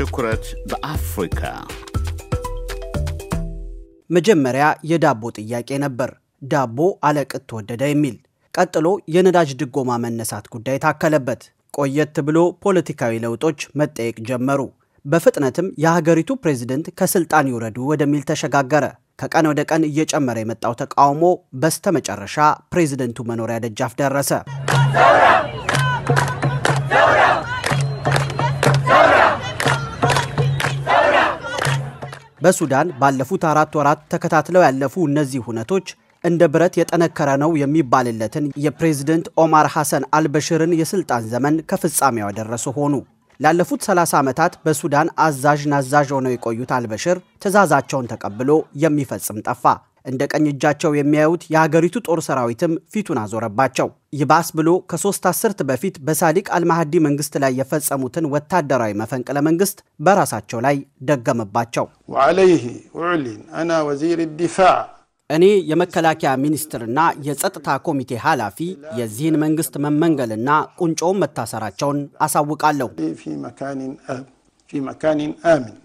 ትኩረት በአፍሪካ መጀመሪያ የዳቦ ጥያቄ ነበር። ዳቦ አለቅት ተወደደ የሚል ቀጥሎ የነዳጅ ድጎማ መነሳት ጉዳይ ታከለበት። ቆየት ብሎ ፖለቲካዊ ለውጦች መጠየቅ ጀመሩ። በፍጥነትም የሀገሪቱ ፕሬዝደንት ከስልጣን ይውረዱ ወደሚል ተሸጋገረ። ከቀን ወደ ቀን እየጨመረ የመጣው ተቃውሞ በስተመጨረሻ ፕሬዝደንቱ መኖሪያ ደጃፍ ደረሰ። በሱዳን ባለፉት አራት ወራት ተከታትለው ያለፉ እነዚህ ሁነቶች እንደ ብረት የጠነከረ ነው የሚባልለትን የፕሬዝደንት ኦማር ሐሰን አልበሽርን የሥልጣን ዘመን ከፍጻሜው ያደረሱ ሆኑ። ላለፉት 30 ዓመታት በሱዳን አዛዥ ናዛዥ ሆነው የቆዩት አልበሽር ትዕዛዛቸውን ተቀብሎ የሚፈጽም ጠፋ። እንደ ቀኝ እጃቸው የሚያዩት የሀገሪቱ ጦር ሰራዊትም ፊቱን አዞረባቸው። ይባስ ብሎ ከሶስት አስርት በፊት በሳዲቅ አልማህዲ መንግስት ላይ የፈጸሙትን ወታደራዊ መፈንቅለ መንግስት በራሳቸው ላይ ደገመባቸው። ወዐለይህ ኡዕሊን አና ወዚር ዲፋ እኔ የመከላከያ ሚኒስትርና የጸጥታ ኮሚቴ ኃላፊ የዚህን መንግስት መመንገልና ቁንጮውን መታሰራቸውን አሳውቃለሁ ፊ መካኒን አሚን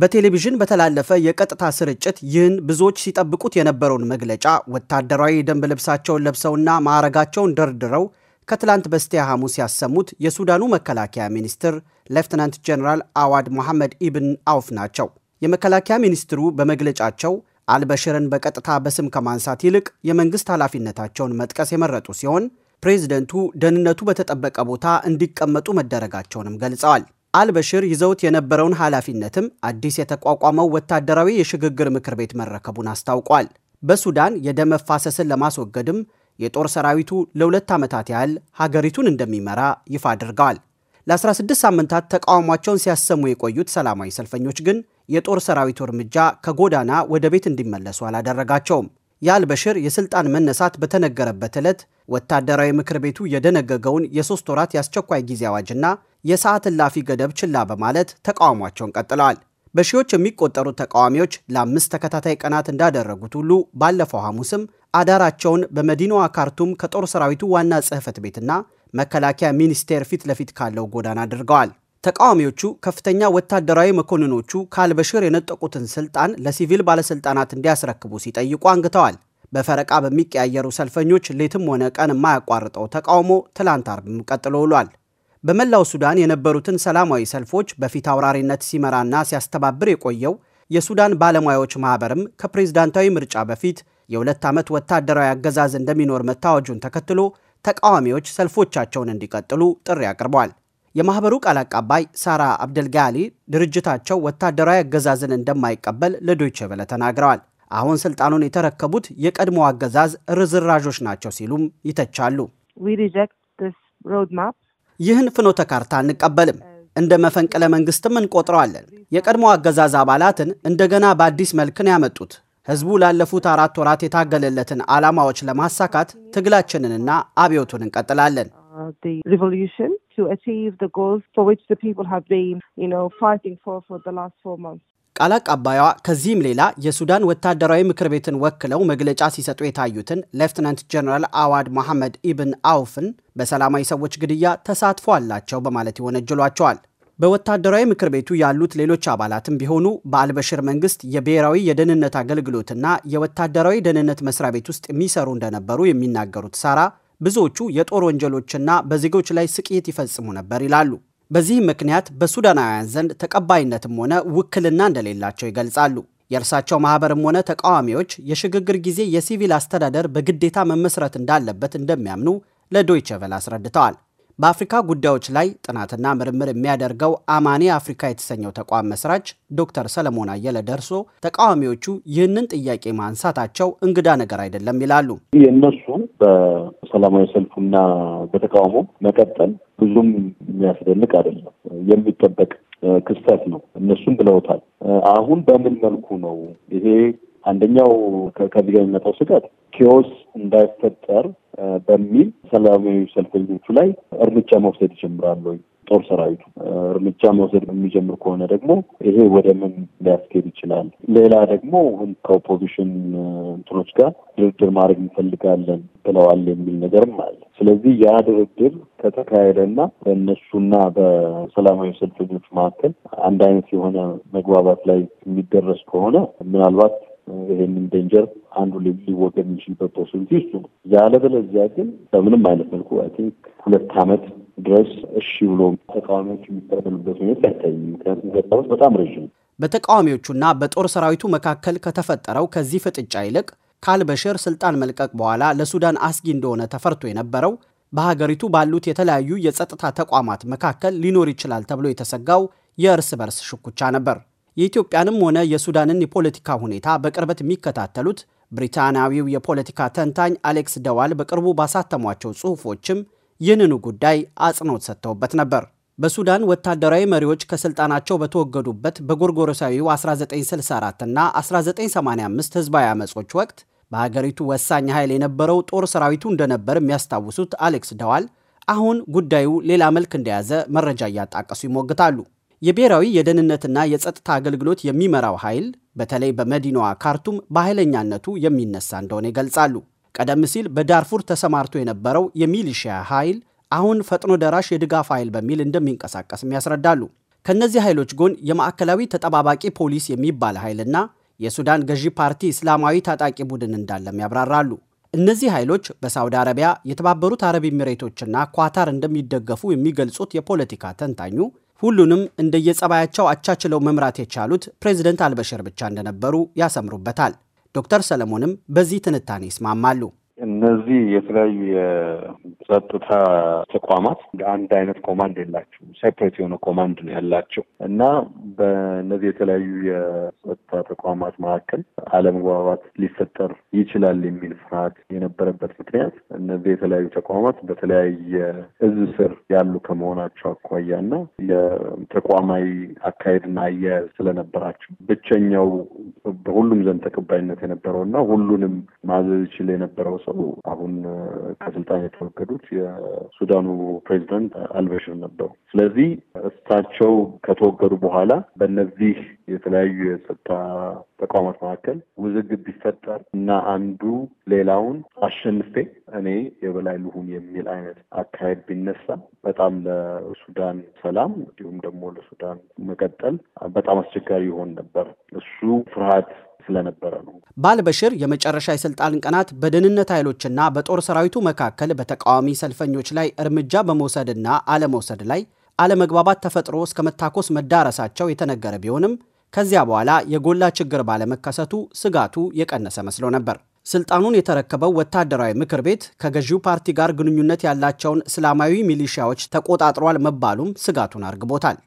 በቴሌቪዥን በተላለፈ የቀጥታ ስርጭት ይህን ብዙዎች ሲጠብቁት የነበረውን መግለጫ ወታደራዊ የደንብ ልብሳቸውን ለብሰውና ማዕረጋቸውን ደርድረው ከትላንት በስቲያ ሐሙስ ያሰሙት የሱዳኑ መከላከያ ሚኒስትር ሌፍትናንት ጀኔራል አዋድ መሐመድ ኢብን አውፍ ናቸው። የመከላከያ ሚኒስትሩ በመግለጫቸው አልበሽርን በቀጥታ በስም ከማንሳት ይልቅ የመንግሥት ኃላፊነታቸውን መጥቀስ የመረጡ ሲሆን ፕሬዚደንቱ ደህንነቱ በተጠበቀ ቦታ እንዲቀመጡ መደረጋቸውንም ገልጸዋል። አልበሽር ይዘውት የነበረውን ኃላፊነትም አዲስ የተቋቋመው ወታደራዊ የሽግግር ምክር ቤት መረከቡን አስታውቋል። በሱዳን የደም መፋሰስን ለማስወገድም የጦር ሰራዊቱ ለሁለት ዓመታት ያህል ሀገሪቱን እንደሚመራ ይፋ አድርገዋል። ለ16 ሳምንታት ተቃውሟቸውን ሲያሰሙ የቆዩት ሰላማዊ ሰልፈኞች ግን የጦር ሰራዊቱ እርምጃ ከጎዳና ወደ ቤት እንዲመለሱ አላደረጋቸውም። የአልበሽር የስልጣን መነሳት በተነገረበት ዕለት ወታደራዊ ምክር ቤቱ የደነገገውን የሦስት ወራት የአስቸኳይ ጊዜ አዋጅና የሰዓት እላፊ ገደብ ችላ በማለት ተቃውሟቸውን ቀጥለዋል። በሺዎች የሚቆጠሩ ተቃዋሚዎች ለአምስት ተከታታይ ቀናት እንዳደረጉት ሁሉ ባለፈው ሐሙስም አዳራቸውን በመዲናዋ ካርቱም ከጦር ሰራዊቱ ዋና ጽሕፈት ቤትና መከላከያ ሚኒስቴር ፊት ለፊት ካለው ጎዳና አድርገዋል። ተቃዋሚዎቹ ከፍተኛ ወታደራዊ መኮንኖቹ ከአልበሽር የነጠቁትን ስልጣን ለሲቪል ባለስልጣናት እንዲያስረክቡ ሲጠይቁ አንግተዋል። በፈረቃ በሚቀያየሩ ሰልፈኞች ሌትም ሆነ ቀን የማያቋርጠው ተቃውሞ ትላንት አርብም ቀጥሎ ውሏል። በመላው ሱዳን የነበሩትን ሰላማዊ ሰልፎች በፊት አውራሪነት ሲመራና ሲያስተባብር የቆየው የሱዳን ባለሙያዎች ማኅበርም ከፕሬዝዳንታዊ ምርጫ በፊት የሁለት ዓመት ወታደራዊ አገዛዝ እንደሚኖር መታወጁን ተከትሎ ተቃዋሚዎች ሰልፎቻቸውን እንዲቀጥሉ ጥሪ አቅርቧል። የማህበሩ ቃል አቀባይ ሳራ አብደልጋሊ ድርጅታቸው ወታደራዊ አገዛዝን እንደማይቀበል ለዶይቼ ቬለ ተናግረዋል። አሁን ስልጣኑን የተረከቡት የቀድሞ አገዛዝ ርዝራዦች ናቸው ሲሉም ይተቻሉ። ይህን ፍኖተ ካርታ አንቀበልም፣ እንደ መፈንቅለ መንግስትም እንቆጥረዋለን። የቀድሞ አገዛዝ አባላትን እንደገና በአዲስ መልክ ነው ያመጡት። ህዝቡ ላለፉት አራት ወራት የታገለለትን ዓላማዎች ለማሳካት ትግላችንንና አብዮቱን እንቀጥላለን። revolution to achieve the goals for which the people have been, you know, fighting for for the last four months. ቃል አቀባይዋ ከዚህም ሌላ የሱዳን ወታደራዊ ምክር ቤትን ወክለው መግለጫ ሲሰጡ የታዩትን ሌፍትናንት ጀነራል አዋድ መሐመድ ኢብን አውፍን በሰላማዊ ሰዎች ግድያ ተሳትፎ አላቸው በማለት ይወነጅሏቸዋል። በወታደራዊ ምክር ቤቱ ያሉት ሌሎች አባላትም ቢሆኑ በአልበሽር መንግስት የብሔራዊ የደህንነት አገልግሎትና የወታደራዊ ደህንነት መስሪያ ቤት ውስጥ የሚሰሩ እንደነበሩ የሚናገሩት ሳራ ብዙዎቹ የጦር ወንጀሎችና በዜጎች ላይ ስቅይት ይፈጽሙ ነበር ይላሉ። በዚህም ምክንያት በሱዳናውያን ዘንድ ተቀባይነትም ሆነ ውክልና እንደሌላቸው ይገልጻሉ። የእርሳቸው ማህበርም ሆነ ተቃዋሚዎች የሽግግር ጊዜ የሲቪል አስተዳደር በግዴታ መመስረት እንዳለበት እንደሚያምኑ ለዶይቸ ቬለ አስረድተዋል። በአፍሪካ ጉዳዮች ላይ ጥናትና ምርምር የሚያደርገው አማኔ አፍሪካ የተሰኘው ተቋም መስራች ዶክተር ሰለሞን አየለ ደርሶ ተቃዋሚዎቹ ይህንን ጥያቄ ማንሳታቸው እንግዳ ነገር አይደለም ይላሉ። የእነሱ በሰላማዊ ሰልፉና በተቃውሞ መቀጠል ብዙም የሚያስደንቅ አይደለም፣ የሚጠበቅ ክስተት ነው። እነሱም ብለውታል። አሁን በምን መልኩ ነው ይሄ አንደኛው ከዚህ ጋር የሚመጣው ስጋት ኪዮስ እንዳይፈጠር በሚል ሰላማዊ ሰልፈኞቹ ላይ እርምጃ መውሰድ ይጀምራሉ። ጦር ሰራዊቱ እርምጃ መውሰድ የሚጀምር ከሆነ ደግሞ ይሄ ወደ ምን ሊያስኬድ ይችላል? ሌላ ደግሞ ከኦፖዚሽን እንትኖች ጋር ድርድር ማድረግ እንፈልጋለን ብለዋል የሚል ነገርም አለ። ስለዚህ ያ ድርድር ከተካሄደና በእነሱና በሰላማዊ ሰልፈኞች መካከል አንድ አይነት የሆነ መግባባት ላይ የሚደረስ ከሆነ ምናልባት ይሄንን ደንጀር አንዱ ሊወገድ የሚችልበት ፖሲቢሊቲ እሱ ነው። ያለበለዚያ ግን በምንም አይነት መልኩ አይ ቲንክ ሁለት ዓመት ድረስ እሺ ብሎ ተቃዋሚዎች የሚታገሉበት ሁኔታ አይታይም። ምክንያቱም ሁለት ዓመት በጣም ረዥም። በተቃዋሚዎቹና በጦር ሰራዊቱ መካከል ከተፈጠረው ከዚህ ፍጥጫ ይልቅ ካልበሽር ስልጣን መልቀቅ በኋላ ለሱዳን አስጊ እንደሆነ ተፈርቶ የነበረው በሀገሪቱ ባሉት የተለያዩ የጸጥታ ተቋማት መካከል ሊኖር ይችላል ተብሎ የተሰጋው የእርስ በርስ ሽኩቻ ነበር። የኢትዮጵያንም ሆነ የሱዳንን የፖለቲካ ሁኔታ በቅርበት የሚከታተሉት ብሪታናዊው የፖለቲካ ተንታኝ አሌክስ ደዋል በቅርቡ ባሳተሟቸው ጽሑፎችም ይህንኑ ጉዳይ አጽንኦት ሰጥተውበት ነበር። በሱዳን ወታደራዊ መሪዎች ከስልጣናቸው በተወገዱበት በጎርጎሮሳዊው 1964 እና 1985 ህዝባዊ አመጾች ወቅት በሀገሪቱ ወሳኝ ኃይል የነበረው ጦር ሰራዊቱ እንደነበር የሚያስታውሱት አሌክስ ደዋል አሁን ጉዳዩ ሌላ መልክ እንደያዘ መረጃ እያጣቀሱ ይሞግታሉ። የብሔራዊ የደህንነትና የጸጥታ አገልግሎት የሚመራው ኃይል በተለይ በመዲናዋ ካርቱም በኃይለኛነቱ የሚነሳ እንደሆነ ይገልጻሉ። ቀደም ሲል በዳርፉር ተሰማርቶ የነበረው የሚሊሽያ ኃይል አሁን ፈጥኖ ደራሽ የድጋፍ ኃይል በሚል እንደሚንቀሳቀስም ያስረዳሉ። ከእነዚህ ኃይሎች ጎን የማዕከላዊ ተጠባባቂ ፖሊስ የሚባል ኃይልና የሱዳን ገዢ ፓርቲ እስላማዊ ታጣቂ ቡድን እንዳለም ያብራራሉ። እነዚህ ኃይሎች በሳውዲ አረቢያ፣ የተባበሩት አረብ ኤሚሬቶችና ኳታር እንደሚደገፉ የሚገልጹት የፖለቲካ ተንታኙ ሁሉንም እንደየጸባያቸው አቻችለው መምራት የቻሉት ፕሬዚደንት አልበሽር ብቻ እንደነበሩ ያሰምሩበታል። ዶክተር ሰለሞንም በዚህ ትንታኔ ይስማማሉ። እነዚህ የተለያዩ የጸጥታ ተቋማት አንድ አይነት ኮማንድ የላቸው፣ ሴፕሬት የሆነ ኮማንድ ነው ያላቸው እና በእነዚህ የተለያዩ የጸጥታ ተቋማት መካከል አለመግባባት ሊፈጠር ይችላል የሚል ፍርሃት የነበረበት ምክንያት እነዚህ የተለያዩ ተቋማት በተለያየ እዝ ስር ያሉ ከመሆናቸው አኳያ እና የተቋማዊ አካሄድና አያያዝ ስለነበራቸው ብቸኛው በሁሉም ዘንድ ተቀባይነት የነበረው እና ሁሉንም ማዘዝ ይችል የነበረው ሰው አሁን ከስልጣን የተወገዱት የሱዳኑ ፕሬዚደንት አልበሽር ነበሩ። ስለዚህ እሳቸው ከተወገዱ በኋላ በእነዚህ የተለያዩ የጸጥታ ተቋማት መካከል ውዝግብ ቢፈጠር እና አንዱ ሌላውን አሸንፌ እኔ የበላይ ልሁን የሚል አይነት አካሄድ ቢነሳ በጣም ለሱዳን ሰላም እንዲሁም ደግሞ ለሱዳን መቀጠል በጣም አስቸጋሪ ይሆን ነበር። እሱ ፍርሃት ስለነበረ ነው። ባልበሽር የመጨረሻ የስልጣን ቀናት በደህንነት ኃይሎችና በጦር ሰራዊቱ መካከል በተቃዋሚ ሰልፈኞች ላይ እርምጃ በመውሰድና አለመውሰድ ላይ አለመግባባት ተፈጥሮ እስከ መታኮስ መዳረሳቸው የተነገረ ቢሆንም ከዚያ በኋላ የጎላ ችግር ባለመከሰቱ ስጋቱ የቀነሰ መስሎ ነበር። ስልጣኑን የተረከበው ወታደራዊ ምክር ቤት ከገዢው ፓርቲ ጋር ግንኙነት ያላቸውን እስላማዊ ሚሊሺያዎች ተቆጣጥሯል መባሉም ስጋቱን አርግቦታል።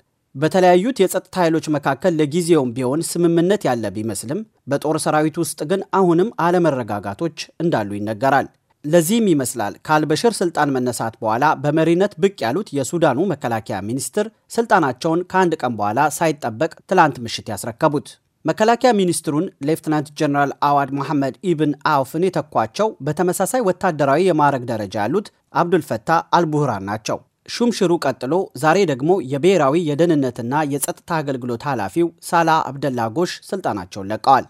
በተለያዩት የጸጥታ ኃይሎች መካከል ለጊዜውም ቢሆን ስምምነት ያለ ቢመስልም በጦር ሰራዊት ውስጥ ግን አሁንም አለመረጋጋቶች እንዳሉ ይነገራል። ለዚህም ይመስላል ከአልበሽር ስልጣን መነሳት በኋላ በመሪነት ብቅ ያሉት የሱዳኑ መከላከያ ሚኒስትር ስልጣናቸውን ከአንድ ቀን በኋላ ሳይጠበቅ ትላንት ምሽት ያስረከቡት። መከላከያ ሚኒስትሩን ሌፍትናንት ጀነራል አዋድ መሐመድ ኢብን አውፍን የተኳቸው በተመሳሳይ ወታደራዊ የማዕረግ ደረጃ ያሉት አብዱልፈታ አልቡህራን ናቸው። ሹምሽሩ ቀጥሎ ዛሬ ደግሞ የብሔራዊ የደህንነትና የጸጥታ አገልግሎት ኃላፊው ሳላ አብደላ ጎሽ ስልጣናቸውን ለቀዋል።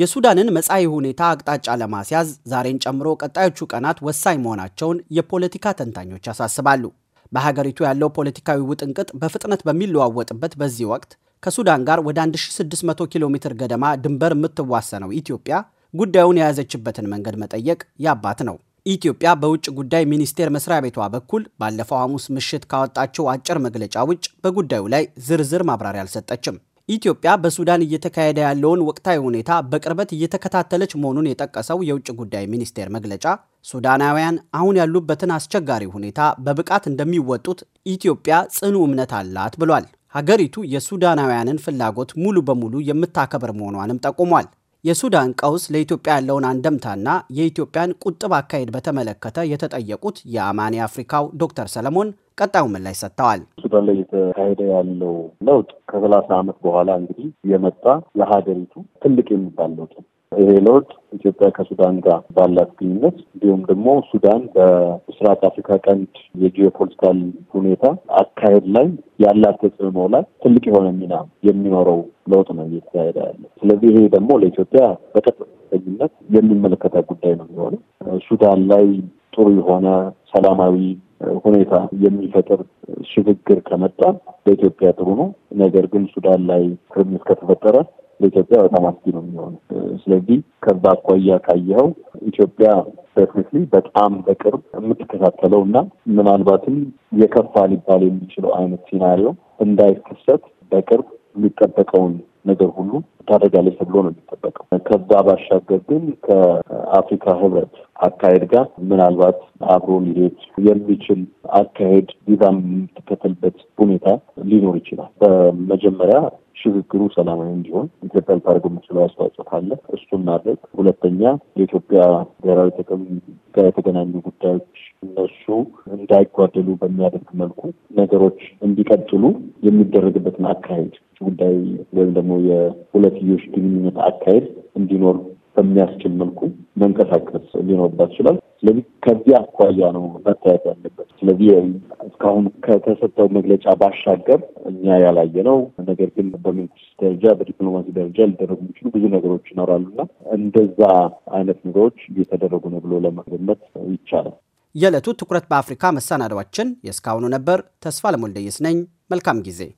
የሱዳንን መጻኢ ሁኔታ አቅጣጫ ለማስያዝ ዛሬን ጨምሮ ቀጣዮቹ ቀናት ወሳኝ መሆናቸውን የፖለቲካ ተንታኞች ያሳስባሉ። በሀገሪቱ ያለው ፖለቲካዊ ውጥንቅጥ በፍጥነት በሚለዋወጥበት በዚህ ወቅት ከሱዳን ጋር ወደ 1600 ኪሎ ሜትር ገደማ ድንበር የምትዋሰነው ኢትዮጵያ ጉዳዩን የያዘችበትን መንገድ መጠየቅ ያባት ነው። ኢትዮጵያ በውጭ ጉዳይ ሚኒስቴር መስሪያ ቤቷ በኩል ባለፈው ሐሙስ ምሽት ካወጣችው አጭር መግለጫ ውጭ በጉዳዩ ላይ ዝርዝር ማብራሪያ አልሰጠችም። ኢትዮጵያ በሱዳን እየተካሄደ ያለውን ወቅታዊ ሁኔታ በቅርበት እየተከታተለች መሆኑን የጠቀሰው የውጭ ጉዳይ ሚኒስቴር መግለጫ ሱዳናውያን አሁን ያሉበትን አስቸጋሪ ሁኔታ በብቃት እንደሚወጡት ኢትዮጵያ ጽኑ እምነት አላት ብሏል። ሀገሪቱ የሱዳናውያንን ፍላጎት ሙሉ በሙሉ የምታከብር መሆኗንም ጠቁሟል። የሱዳን ቀውስ ለኢትዮጵያ ያለውን አንደምታና የኢትዮጵያን ቁጥብ አካሄድ በተመለከተ የተጠየቁት የአማኒ አፍሪካው ዶክተር ሰለሞን ቀጣዩ ምላሽ ሰጥተዋል። ሱዳን ላይ እየተካሄደ ያለው ለውጥ ከሰላሳ ዓመት በኋላ እንግዲህ የመጣ ለሀገሪቱ ትልቅ የሚባል ለውጥ ይሄ ለውጥ ኢትዮጵያ ከሱዳን ጋር ባላት ግንኙነት እንዲሁም ደግሞ ሱዳን በምስራቅ አፍሪካ ቀንድ የጂኦፖለቲካል ሁኔታ አካሄድ ላይ ያላት ተጽዕኖ ላይ ትልቅ የሆነ ሚና የሚኖረው ለውጥ ነው እየተካሄደ ያለ። ስለዚህ ይሄ ደግሞ ለኢትዮጵያ በቀጥተኝነት የሚመለከታት ጉዳይ ነው የሚሆነው። ሱዳን ላይ ጥሩ የሆነ ሰላማዊ ሁኔታ የሚፈጥር ሽግግር ከመጣ ለኢትዮጵያ ጥሩ ነው። ነገር ግን ሱዳን ላይ ትርምስ ከተፈጠረ ለኢትዮጵያ በጣም አስጊ ነው የሚሆነው። ስለዚህ ከዛ አኳያ ካየኸው ኢትዮጵያ ቴክኒክሊ በጣም በቅርብ የምትከታተለው እና ምናልባትም የከፋ ሊባል የሚችለው አይነት ሲናሪዮ እንዳይከሰት በቅርብ የሚጠበቀውን ነገር ሁሉ ታደርጋለች ተብሎ ነው የሚጠበቀው። ከዛ ባሻገር ግን ከአፍሪካ ህብረት አካሄድ ጋር ምናልባት አብሮ ሊሄድ የሚችል አካሄድ ቪዛ የምትከተልበት ሁኔታ ሊኖር ይችላል። በመጀመሪያ ሽግግሩ ሰላማዊ እንዲሆን ኢትዮጵያ ልታደርገው የምችለው አስተዋጽኦ ካለ እሱን ማድረግ፣ ሁለተኛ የኢትዮጵያ ብሔራዊ ጥቅም ጋር የተገናኙ ጉዳዮች እነሱ እንዳይጓደሉ በሚያደርግ መልኩ ነገሮች እንዲቀጥሉ የሚደረግበትን አካሄድ ጉዳይ ወይም ደግሞ የሁለትዮሽ ግንኙነት አካሄድ እንዲኖር በሚያስችል መልኩ መንቀሳቀስ ሊኖርባት ይችላል። ስለዚህ ከዚህ አኳያ ነው መታየት ያለበት። ስለዚህ እስካሁን ከተሰጠው መግለጫ ባሻገር እኛ ያላየ ነው። ነገር ግን በመንግስት ደረጃ በዲፕሎማሲ ደረጃ ሊደረጉ የሚችሉ ብዙ ነገሮች ይኖራሉና እንደዛ አይነት ነገሮች እየተደረጉ ነው ብሎ ለመገመት ይቻላል። የዕለቱ ትኩረት በአፍሪካ መሰናዷችን የእስካሁኑ ነበር። ተስፋ ለሞልደየስ ነኝ። መልካም ጊዜ